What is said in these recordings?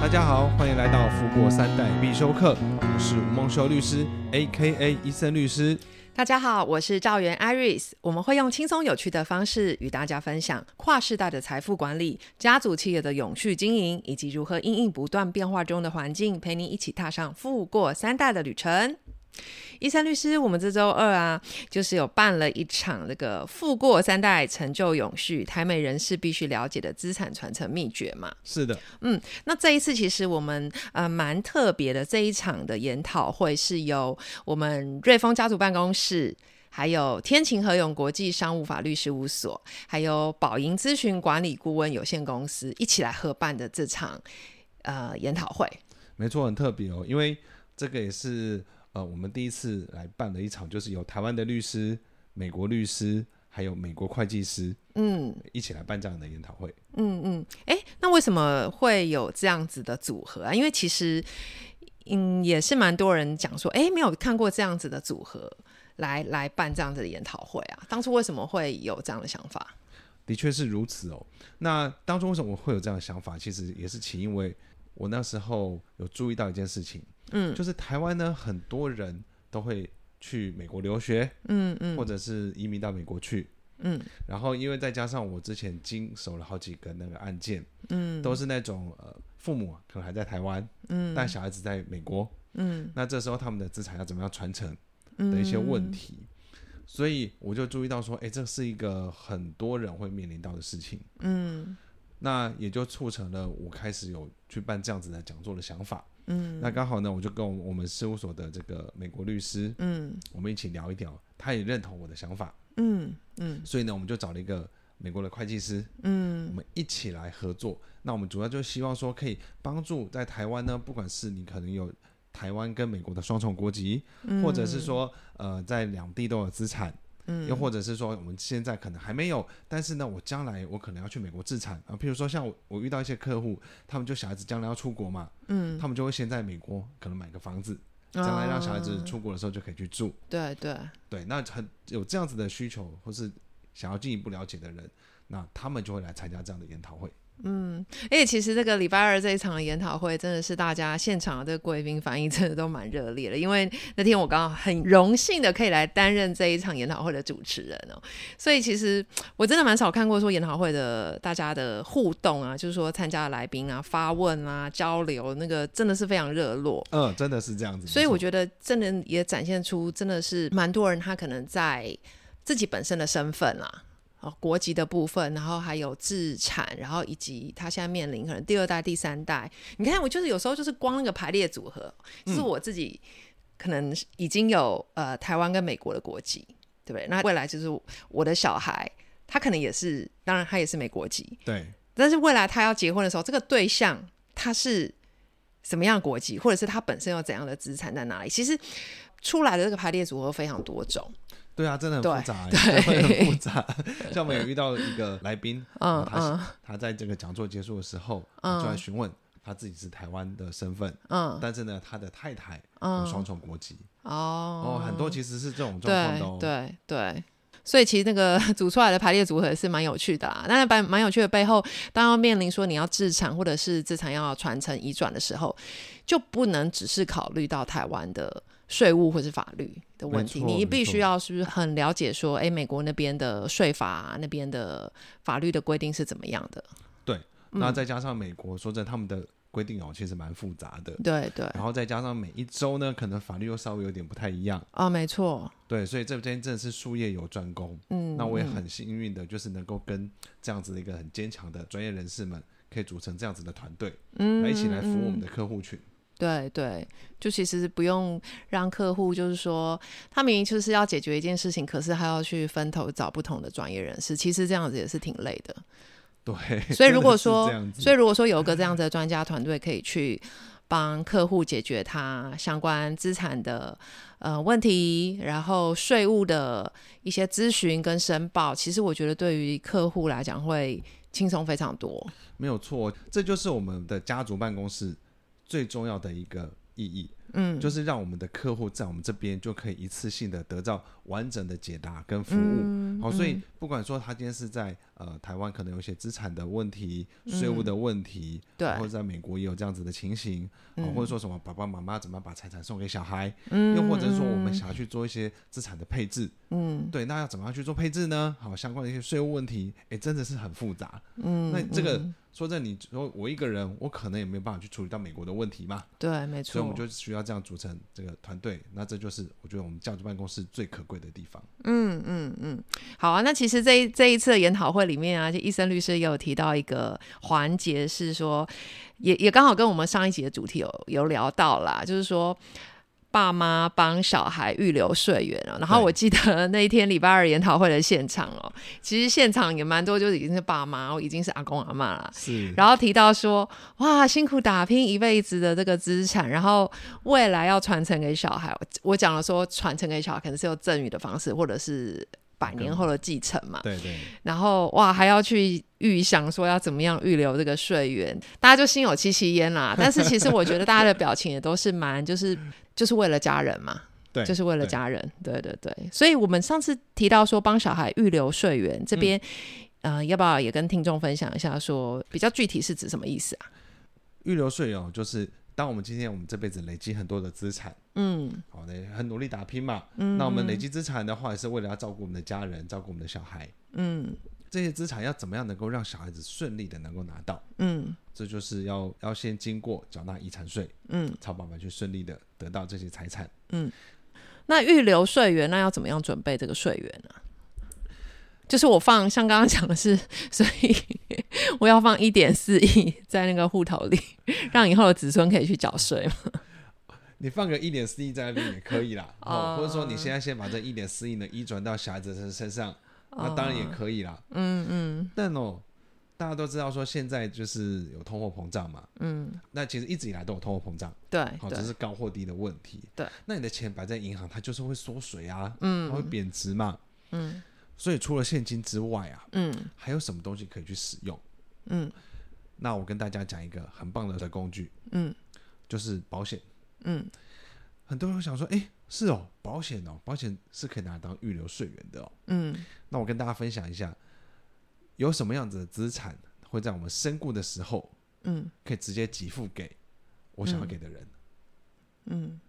大家好，歡迎來到《富過三代必修課》，我是吳夢秀律師 （A.K.A. 醫生律師）律師。大家好，我是趙源 i r i s 我們會用輕鬆有趣的方式與大家分享跨世代的財富管理、家族企業的永續經營，以及如何應應不斷變化中的環境，陪你一起踏上富過三代的旅程。伊森律師，我們這周二啊，就是有辦了一場那個富過三代、成就永續、台美人士必須了解的資產傳承秘訣嘛？是的，嗯，那這一次其實我們呃蠻特別的，這一場的研討會是由我們瑞豐家族辦公室，還有天晴和永國際商務法律事務所，還有寶盈諮詢管理顧問有限公司一起來合辦的這場呃研討會。沒錯，很特別哦，因為這個也是。呃，我們第一次來辦了一場，就是由台灣的律師、美國律師，還有美國會計師，嗯，一起來辦這樣的研討會。嗯嗯，哎、嗯嗯欸，那為什麼會有這樣子的組合啊？因為其實，嗯，也是蠻多人講說，哎、欸，沒有看過這樣子的組合來來辦這樣子的研討會啊。當初為什麼會有這樣的想法？的確是如此哦、喔。那當初為什麼我會有這樣的想法？其實也是起因為，我那時候有注意到一件事情。嗯，就是台灣呢，很多人都會去美國留學，嗯嗯，嗯或者是移民到美國去，嗯，然後因為再加上我之前經手了好幾個那個案件，嗯，都是那種呃父母可能還在台灣，嗯，但小孩子在美國，嗯，那這時候他們的資產要怎麼樣傳承的一些問題，嗯、所以我就注意到說，哎、欸，這是一個很多人會面臨到的事情，嗯，那也就促成了我開始有去辦這樣子的講座的想法。嗯，那剛好呢，我就跟我們事務所的這個美國律師，嗯，我們一起聊一聊，他也認同我的想法，嗯嗯，嗯，所以呢，我們就找了一個美國的會計師，嗯，我們一起來合作。那我們主要就希望說，可以幫助在台灣呢，不管是你可能有台灣跟美國的雙重國籍，嗯、或者是說，呃，在兩地都有資產。嗯，又或者是說，我們現在可能還沒有，但是呢，我將來我可能要去美國置產啊。譬如說，像我我遇到一些客戶，他們就小孩子將來要出國嘛，嗯，他們就會先在美國可能買個房子，將來讓小孩子出國的時候就可以去住。哦、對對對，那很有這樣子的需求或是想要進一步了解的人，那他們就會來參加這樣的研討會。嗯，因為其實這個禮拜二這一場研討會，真的是大家現場的貴賓反應真的都蠻熱烈的。因為那天我剛好很榮幸的可以來擔任這一場研討會的主持人哦、喔，所以其實我真的蠻少看過說研討會的大家的互動啊，就是說參加的來賓啊發問啊交流，那個真的是非常熱絡。嗯，真的是這樣子。所以我覺得真的也展現出真的是蠻多人他可能在自己本身的身份啊。哦，國籍的部分，然後還有資產，然後以及他現在面臨可能第二代、第三代。你看，我就是有時候就是光那個排列組合，嗯、是我自己可能已經有呃台灣跟美國的國籍，對不對？那未來就是我的小孩，他可能也是，當然他也是美國籍，對。但是未來他要結婚的時候，這個對象他是什麼樣的國籍，或者是他本身有怎樣的資產在哪裡？其實出來的這個排列組合非常多種。對啊，真的很複雜，欸，真對很複雜。像我們有遇到一個來賓， 嗯，他嗯他在這個講座結束的時候，嗯，就來詢問，他自己是台灣的身份，嗯，但是呢，他的太太有雙重國籍，嗯、哦，很多其實是這種狀況的，對對。所以其實那個組出來的排列組合是蠻有趣的，但是蠻蠻有趣的背後，當要面臨說你要資產或者是資產要傳承移轉的時候，就不能只是考慮到台灣的。稅務或是法律的問題，你必須要是不是很了解？說，誒、欸，美國那邊的稅法那邊的法律的規定是怎麼樣的？對，嗯、那再加上美國，說真的，他們的規定哦、喔，其實蠻複雜的。對對。然後再加上每一周呢，可能法律又稍微有點不太一樣。啊、哦，沒錯。對，所以這邊真的是術業有專攻。嗯。那我也很幸運的，就是能夠跟這樣子的一個很堅強的專業人士們，可以組成這樣子的團隊，來、嗯、一起來服務我們的客戶群。嗯嗯對對，就其實不用讓客戶，就是說他明明就是要解決一件事情，可是還要去分頭找不同的專業人士，其實這樣子也是挺累的。對，所以如果說，所以如果說有個這樣子的專家團隊可以去幫客戶解決他相關資產的呃問題，然後稅務的一些諮詢跟申報，其實我覺得對於客戶來講會輕鬆非常多。沒有錯，這就是我們的家族辦公室。最重要的一個意義。嗯，就是讓我們的客戶在我們這邊就可以一次性的得到完整的解答跟服務。好，所以不管說他今天是在呃台灣，可能有一些資產的問題、稅務的問題，對，或者在美國也有這樣子的情形，或者說什麼爸爸媽媽怎麼把財產送給小孩，又或者說我們想要去做一些資產的配置，嗯，對，那要怎麼樣去做配置呢？好，相關的一些稅務問題，哎，真的是很複雜。嗯，那這個說真的，你說我一個人，我可能也沒有辦法去處理到美國的問題嘛。對，沒錯，所以我們就需要。這樣組成這個團隊，那這就是我覺得我們家族辦公室最可貴的地方。嗯嗯嗯，好啊。那其實這這一次的研討會裡面啊，就伊森律師也有提到一個環節，是說也也剛好跟我們上一集的主題有有聊到啦，就是說爸媽幫小孩預留稅源了，然後我記得那一天禮拜二研討會的現場哦，對其實現場也蠻多，就已經是爸媽，我已經是阿公阿嬤了。是，然後提到說，哇，辛苦打拼一輩子的這個資產，然後未來要傳承給小孩。我講了說，傳承給小孩可能是有贈與的方式，或者是百年後的繼承嘛。對，對對。然後哇，還要去預想說要怎麼樣預留這個稅源，大家就心有戚戚焉啦。 但是其實我覺得大家的表情也都是蠻就是。就是為了家人嘛，對，就是為了家人，對，對對對。所以，我們上次提到說幫小孩預留稅源，這邊、嗯、呃，要不要也跟聽眾分享一下，說比較具體是指什麼意思啊？預留稅源，就是，當我們今天我們這輩子累積很多的資產，嗯，好的，很努力打拼嘛，嗯、那我們累積資產的話，也是為了要照顧我們的家人，照顧我們的小孩，嗯。這些資產要怎麼樣能夠讓小孩子順利的能夠拿到？嗯，這就是要要先經過繳納遺產稅，嗯，曹爸爸去順利的得到這些財產。嗯，那預留稅源，那要怎麼樣準備這個稅源呢？就是我放，像剛剛講的是，所以 我要放一點四億在那個戶頭裡，讓以後的子孫可以去繳稅嘛。你放個一點四億在裡面也可以啦，哦，或者說你現在先把這一點四億呢移轉到小孩子身身上。那當然也可以啦，嗯嗯，但哦，大家都知道說現在就是有通貨膨脹嘛，嗯，那其實一直以來都有通貨膨脹，對，好，只是高或低的問題，對。那你的錢擺在銀行，它就是會縮水啊，嗯，它會貶值嘛，嗯，所以除了現金之外啊，嗯，還有什麼東西可以去使用？嗯，那我跟大家講一個很棒的工具，嗯，就是保險，嗯，很多人會想說，誒……是哦，保險哦，保險是可以拿來當預留稅源的哦。嗯，那我跟大家分享一下，有什麼樣子的資產會在我們身故的時候，嗯，可以直接給付給我想要給的人。嗯，嗯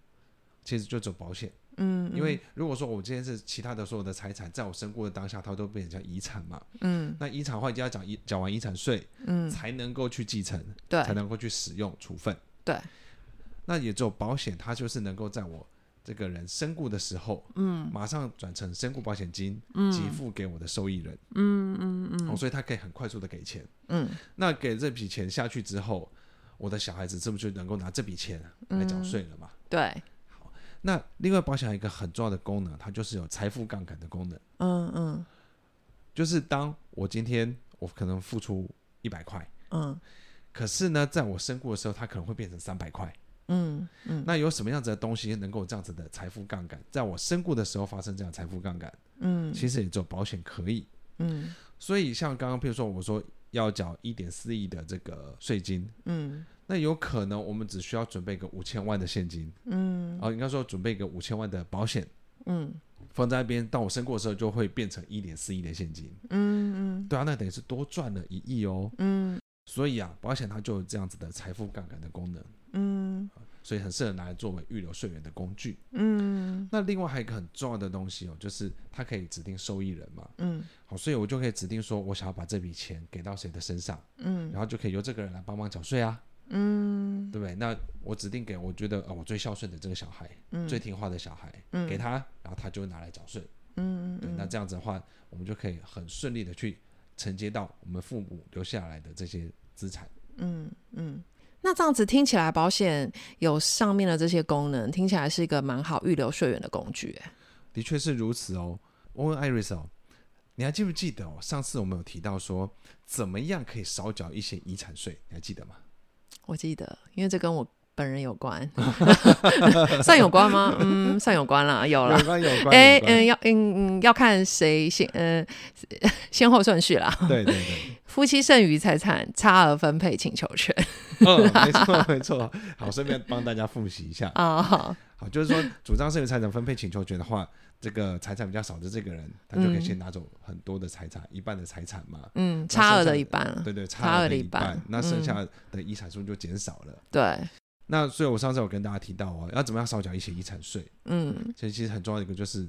其實就走保險。嗯，因為如果說我今天是其他的所有的財產，在我身故的當下，它都變成遺產嘛。嗯，那遺產的話就要繳遺，繳完遺產稅，嗯，才能夠去繼承，對，才能夠去使用處分，對。那也只有保險，它就是能夠在我這個人身故的時候，嗯，馬上轉成身故保險金，嗯，給付給我的受益人，嗯嗯嗯、哦，所以他可以很快速的給錢，嗯，那給這筆錢下去之後，我的小孩子是不是就能夠拿這筆錢來繳稅了嘛、嗯。對，好，那另外保險還有一個很重要的功能，它就是有財富槓桿的功能，嗯嗯，嗯就是當我今天我可能付出一百塊，嗯，可是呢，在我身故的時候，它可能會變成三百塊。嗯嗯，嗯那有什麼樣子的東西能夠這樣子的財富槓桿，在我身故的時候發生這樣財富槓桿？嗯，其實也只有保險可以。嗯，所以像剛剛，譬如說我說要繳一點四億的這個稅金，嗯，那有可能我們只需要準備個五千萬的現金，嗯，哦，應該說準備個五千萬的保險，嗯，放在那邊，當我身故的時候就會變成一點四億的現金，嗯嗯，嗯對啊，那等於是多賺了一億哦，嗯，所以啊，保險它就有這樣子的財富槓桿的功能，嗯。所以很適合拿來作為預留稅源的工具。嗯，那另外還有一個很重要的東西哦、喔，就是它可以指定受益人嘛。嗯，好，所以我就可以指定說我想要把這筆錢給到誰的身上。嗯，然後就可以由這個人來幫忙繳稅啊。嗯，對不對？那我指定給我覺得、呃、我最孝順的這個小孩，嗯、最聽話的小孩，嗯、給他，然後他就會拿來繳稅。嗯，對，那這樣子的話，我們就可以很順利的去承接到我們父母留下來的這些資產。嗯嗯。嗯那這樣子聽起來，保險有上面的這些功能，聽起來是一個蠻好預留稅源的工具、欸。的確是如此哦。我問 Iris 哦，你還記不記得、哦、上次我們有提到說，怎麼樣可以少繳一些遺產稅？你還記得嗎？我記得，因為這跟我本人有關， 算有關嗎？嗯，算有關啦，有啦， 有關、欸、有關。哎、嗯，嗯，要嗯嗯要看誰先嗯先後順序啦。對對對，夫妻剩餘財產差額分配請求權。嗯，沒錯沒錯。好，順便幫大家複習一下哦，好，就是說主張剩餘財產分配請求權的話，這個財產比較少的這個人，他就可以先拿走很多的財產，一半的財產嘛，嗯，差額的一半，對對，差額的一半，那剩下的遺產數就減少了。對，那所以我上次有跟大家提到哦，要怎麼樣少繳一些遺產稅？嗯，所以其實很重要的一個就是，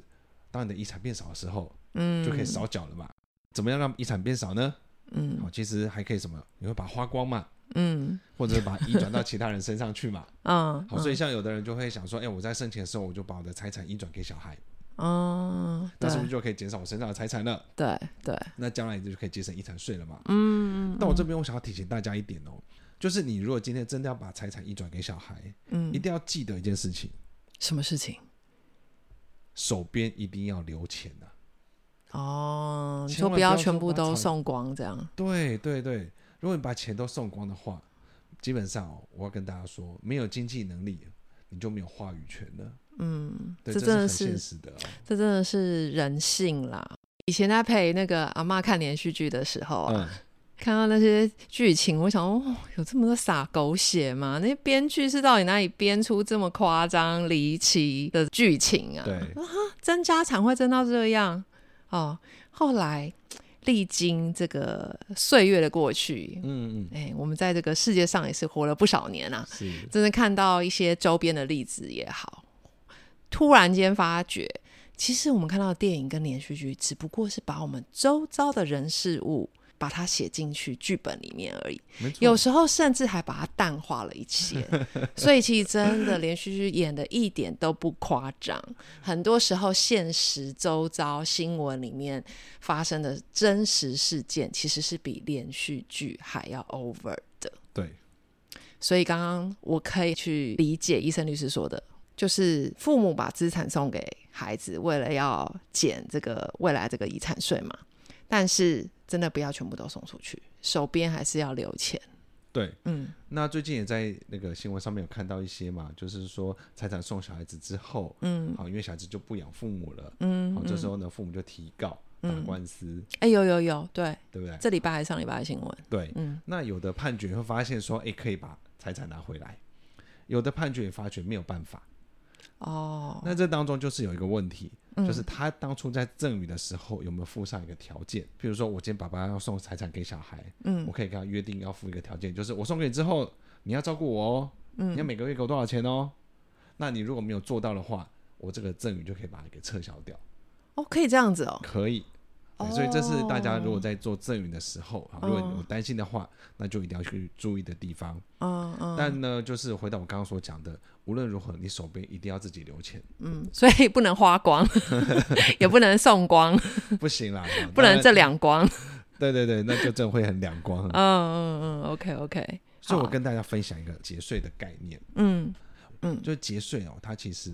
當你的遺產變少的時候，嗯，就可以少繳了嘛。怎麼樣讓遺產變少呢？嗯，好，其實還可以什麼，你會把花光嘛。嗯，或者是把移轉到其他人身上去嘛。嗯，好，所以像有的人就會想說，哎，我在生前的時候，我就把我的財產移轉給小孩。哦。那是不是就可以減少我身上的財產了？對對。那將來就可以節省遺產稅了嘛。嗯，但我這邊我想要提醒大家一點哦，就是你如果今天真的要把財產移轉給小孩，嗯，一定要記得一件事情。什麼事情？手邊一定要留錢吶。哦，說不要全部都送光這樣。對對對。如果你把錢都送光的話，基本上、哦，我要跟大家說，沒有經濟能力，你就沒有話語權了。嗯，對這真的是是現實的，哦，這真的是人性啦。以前在陪那個阿嬤看連續劇的時候啊，嗯、看到那些劇情，我想，哦，有這麼多灑狗血嗎？那些編劇是到底哪裡編出這麼誇張離奇的劇情啊？對，爭、啊、家產會爭到這樣哦。後來。歷經這個歲月的過去，嗯嗯，哎，我們在這個世界上也是活了不少年啊，是的，真的看到一些周邊的例子也好，突然間發覺，其實我們看到的電影跟連續劇，只不過是把我們周遭的人事物。把它寫進去劇本裡面而已，沒錯。有時候甚至還把它淡化了一些， 所以其實真的連續劇演的一點都不誇張。很多時候，現實周遭新聞裡面發生的真實事件，其實是比連續劇還要 over 的。對，所以剛剛我可以去理解伊森律師說的，就是父母把資產送給孩子，為了要減這個未來這個遺產稅嘛，但是。真的不要全部都送出去，手邊還是要留錢。對，嗯，那最近也在那個新聞上面有看到一些嘛，就是說財產送小孩子之後，嗯，好，因為小孩子就不養父母了，嗯，好，嗯、這時候呢，父母就提告打官司。哎、嗯欸，有有有，對，對不對？這禮拜還是上禮拜的新聞。對，嗯，那有的判決會發現說，哎，可以把財產拿回來；有的判決也發覺沒有辦法。哦，那這當中就是有一個問題，嗯、就是他當初在贈與的時候有沒有附上一個條件？譬如說，我今天爸爸要送財產給小孩，嗯，我可以跟他約定要附一個條件，就是我送給你之後，你要照顧我哦，嗯、你要每個月給我多少錢哦？那你如果沒有做到的話，我這個贈與就可以把它給撤銷掉。哦，可以這樣子哦，可以。所以這是大家如果在做贈與的時候啊，如果你有擔心的話，那就一定要去注意的地方。但呢，就是回到我剛剛所講的，無論如何，你手邊一定要自己留錢。嗯，所以不能花光，也不能送光，不行啦，不能這兩光。對對對，那就真的會很兩光。嗯嗯嗯，OK OK。所以我跟大家分享一個節稅的概念。嗯嗯，就節稅哦，它其實。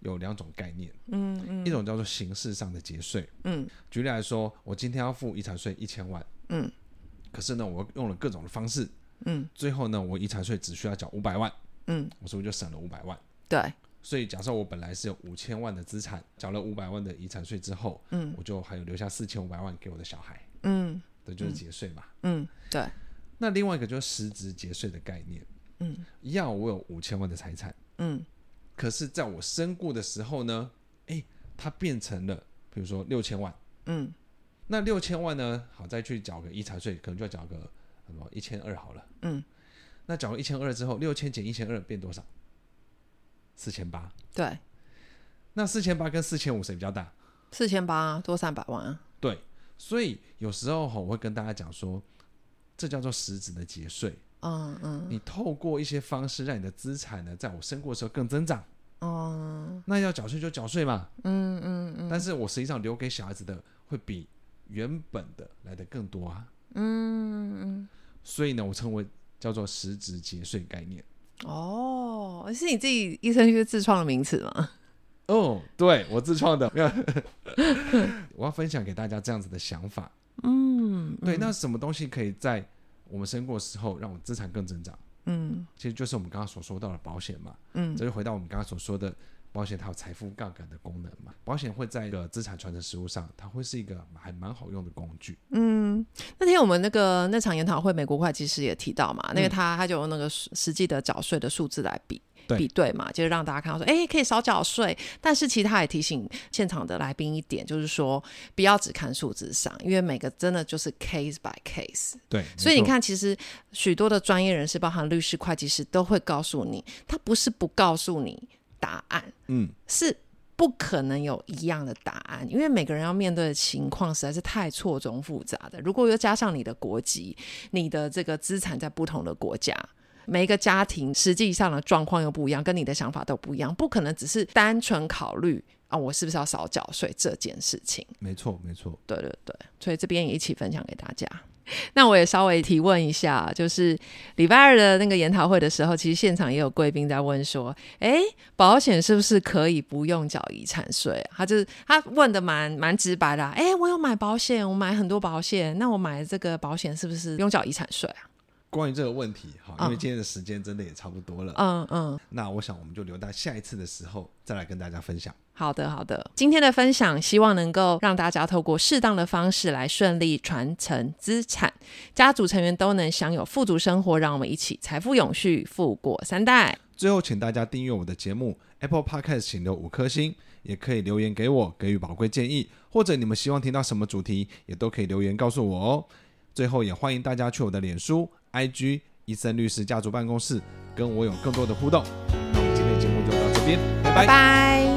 有兩種概念，嗯，一種叫做形式上的節稅，嗯，舉例來說，我今天要付遺產稅一千萬，嗯，可是呢，我用了各種的方式，嗯，最後呢，我遺產稅只需要繳五百萬，嗯，我是不是就省了五百萬？對，所以假設我本來是有五千萬的資產，繳了五百萬的遺產稅之後，嗯，我就還有留下四千五百萬給我的小孩，嗯，這就是節稅嘛，嗯，對。那另外一個就是實質節稅的概念，嗯，要我有五千萬的財產，嗯。可是，在我身故的時候呢，誒、欸，它變成了，比如說六千萬，嗯，那六千萬呢，好，再去繳個遺產稅，可能就要繳個什麼一千二好了，嗯，那繳了一千二之後，六千減一千二變多少？四千八。對，那四千八跟四千五誰比較大？四千八多三百萬、啊。對，所以有時候吼，我會跟大家講說，這叫做實質的節稅。嗯嗯，嗯，你透過一些方式，讓你的資產呢，在我身故的時候更增長。哦、嗯，那要繳稅就繳稅嘛。嗯嗯嗯，嗯嗯，但是我實際上留給小孩子的會比原本的來的更多啊。嗯嗯，所以呢，我稱為叫做實質節稅概念。哦，是你自己一生就自創的名詞嗎？哦，對，我自創的， 我要分享給大家這樣子的想法。嗯，對，那什麼東西可以在？我們生過的時候，讓我們資產更增長。嗯，其實就是我們剛剛所說到的保險嘛。嗯，這就回到我們剛剛所說的。保險它有財富槓桿的功能嘛。保險會在一個資產傳承實務上，它會是一個還蠻好用的工具。嗯，那天我們那個那場研討會，美國會計師也提到嘛，那個他他、嗯、就用那個實際的繳稅的數字來比對比對嘛，就是讓大家看到說，哎、欸，可以少繳稅。但是其實他也提醒現場的來賓一點，就是說不要只看數字上，因為每個真的就是 case by case。對，所以你看，沒錯。其實許多的專業人士，包含律師、會計師，都會告訴你，他不是不告訴你。答案，嗯，是不可能有一樣的答案，因為每個人要面對的情況實在是太錯綜複雜的。如果又加上你的國籍，你的這個資產在不同的國家，每一個家庭實際上的狀況又不一樣，跟你的想法都不一樣，不可能只是單純考慮啊，我是不是要少繳稅這件事情？沒錯，沒錯，對對對，所以這邊也一起分享給大家。 那我也稍微提問一下，就是禮拜二的那個研討會的時候，其實現場也有貴賓在問說：“誒，保險是不是可以不用繳遺產稅啊？”他就是他問的蠻蠻直白的啊，誒，我有買保險，我買很多保險，那我買這個保險是不是不用繳遺產稅啊？關於這個問題，哈，因為今天的時間真的也差不多了，嗯嗯、哦，那我想我們就留到下一次的時候再來跟大家分享。好的好的，今天的分享希望能夠讓大家透過適當的方式來順利傳承資產，家族成員都能享有富足生活，讓我們一起財富永續，富過三代。最後，請大家訂閱我的節目，Apple Podcast 請留五顆星，也可以留言給我，給予寶貴建議，或者你們希望聽到什麼主題，也都可以留言告訴我哦。最後，也歡迎大家去我的臉書。IG 伊森律師家族辦公室，跟我有更多的互動。那我們今天的節目就到這邊，拜拜。拜拜。